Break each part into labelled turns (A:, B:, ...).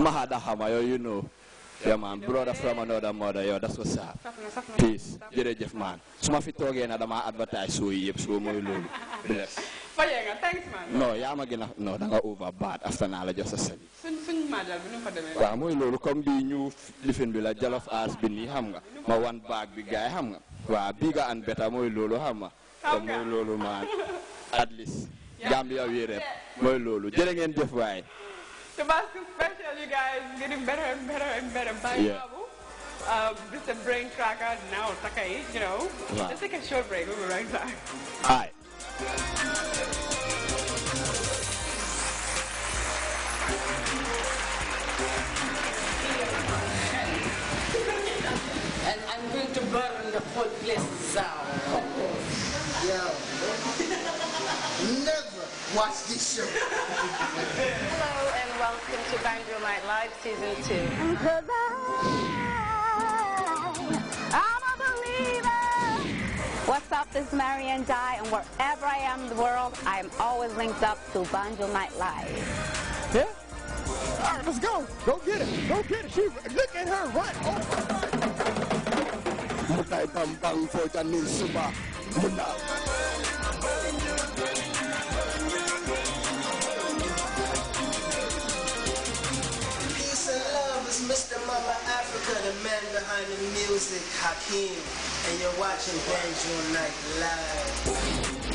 A: mahadaha yo, you know ya yeah man brother from another mother yo that's what's up peace Jeff man su ma fi toogee na dama advertise soo yëpp soo mooy loolu bless fayenga thanks man no ya, ma gina no da nga over bad after na la jossa sen sabi suñ suñ maajal bi nu fa demee wa moy lolu comme bi ñu lifin bi la jalof as bi ni xam nga ma wan bag bi gay xam nga bi ga and beta moy lolu xam ma moy lolu man at least Gambia wi rep moy lolu jere ngeen def waay The mask is special, you guys. Getting better and better and better. Bye, yeah. Babu. Um, um this is a brain cracker now, Takai, you know. Right. Let's take a short break. We'll be right back. Hi. And I'm going to burn the whole place down. Yeah watch this show. Hello and welcome to Banjo Light Live Season 2. Because I, I'm a believer. What's up, this is Marianne Dye, and wherever I am in the world, I am always linked up to Banjo Night Live. Yeah? All right, let's go. Go get it. Go get it. She, look at her run. Oh. the music, Hakeem,
B: and you're watching Banjo Night Live.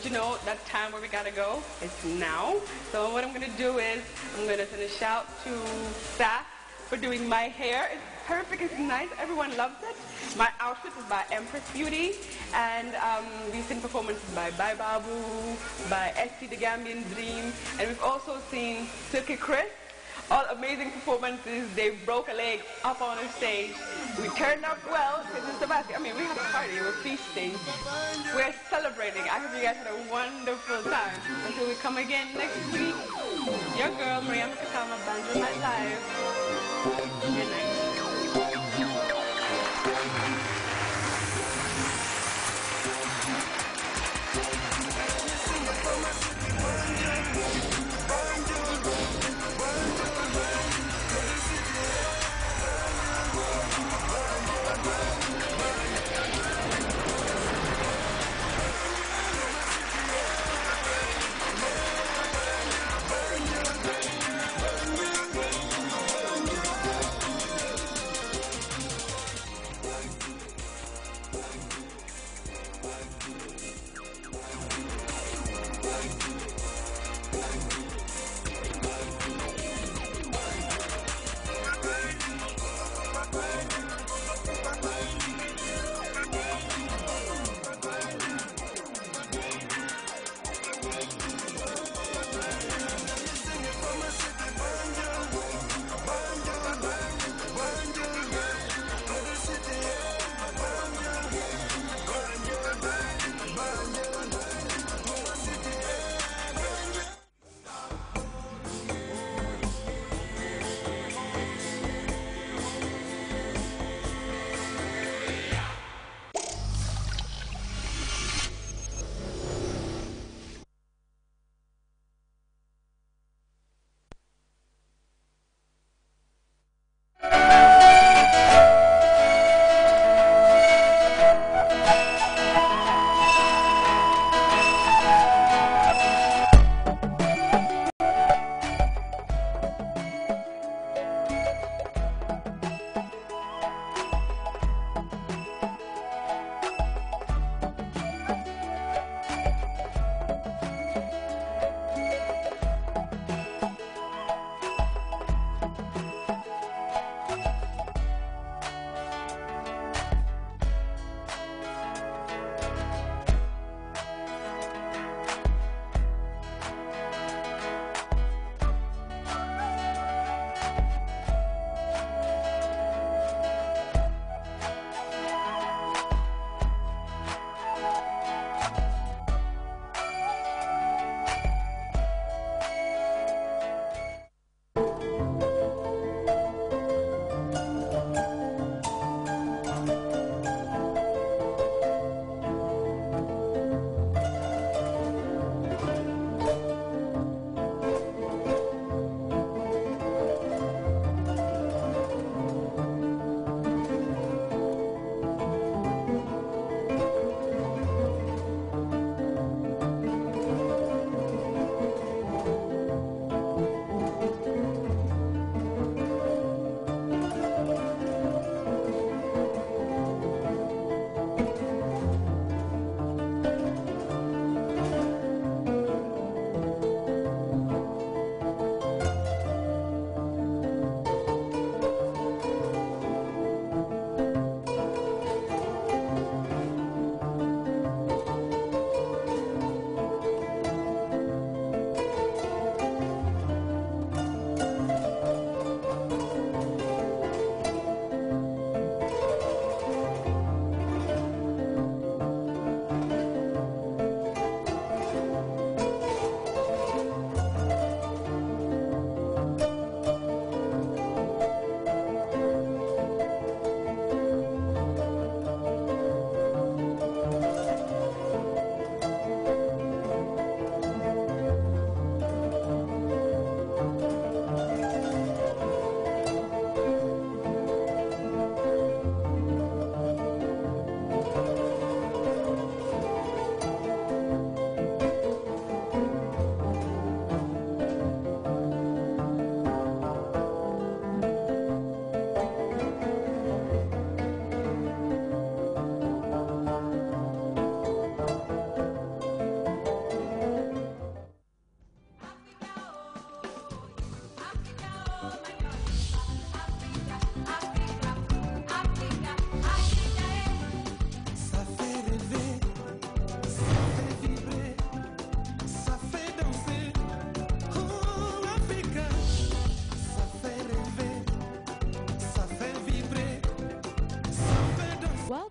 A: But you know, that time where we gotta go is now. So what I'm gonna do is I'm gonna send a shout to staff for doing my hair. It's perfect, it's nice, everyone loves it. My outfit is by Empress Beauty, and um, we've seen performances by Bye Babu, by Esty the Gambian Dream, and we've also seen Silky Chris, amazing performances. They broke a leg up on a stage. We turned up well because it's the best. I mean, we had a party. We're feasting. We're celebrating. I hope you guys had a wonderful time. Until we come again next week, your girl, Maria Makatama, Banjo Night Live. Good night.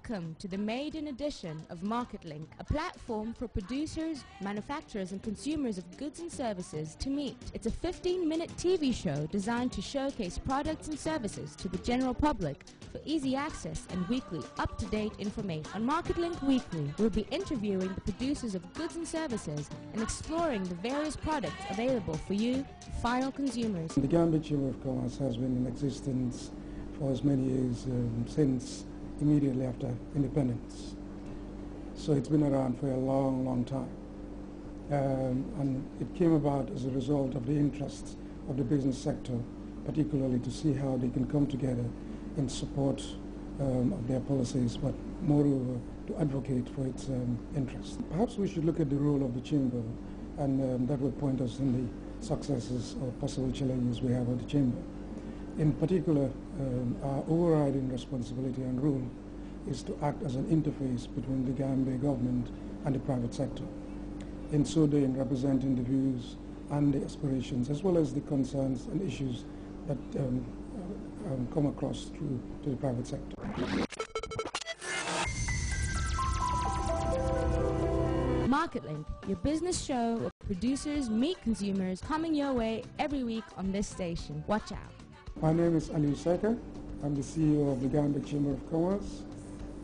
A: Welcome to the maiden edition of MarketLink, a platform for producers, manufacturers and consumers of goods and services to meet. It's a 15-minute TV show designed to showcase products and services to the general public for easy access and weekly up-to-date information. On MarketLink Weekly, we'll be interviewing the producers of goods and services and exploring the various products available for you, final consumers. The
B: Gambit Chamber of Commerce has been in existence for as many years um, since immediately after independence. So it's been around for a long, long time. Um, and it came about as a result of the interests of the business sector, particularly to see how they can come together in support um, of their policies, but moreover to advocate for its um, interests. Perhaps we should look at the role of the chamber, and um, that will point us in the successes or possible challenges we have at the chamber. In particular, um, our overriding responsibility and role is to act as an interface between the Gambia government and the private sector. In so doing, representing the views and the aspirations, as well as the concerns and issues that um, uh, um, come across through to the private sector.
A: MarketLink, your business show where producers meet consumers coming your way every week on this station. Watch out.
B: My name is Ali Saka. I'm the CEO of the Gambia Chamber of Commerce.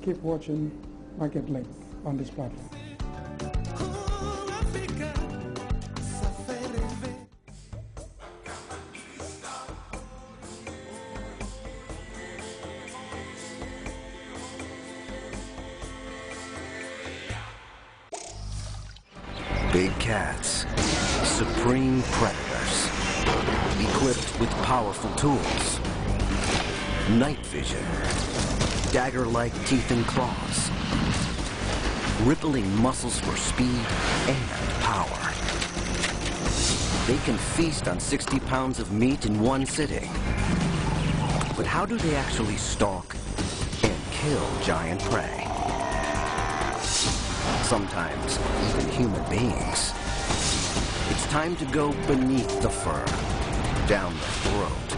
B: Keep watching Market Link on this platform.
A: Big cats, supreme predator equipped with powerful tools. Night vision, dagger-like teeth and claws, rippling muscles for speed and power. They can feast on 60 pounds of meat in one sitting. But how do they actually stalk and kill giant prey? Sometimes even human beings.
B: It's time to go beneath the fur down the throat.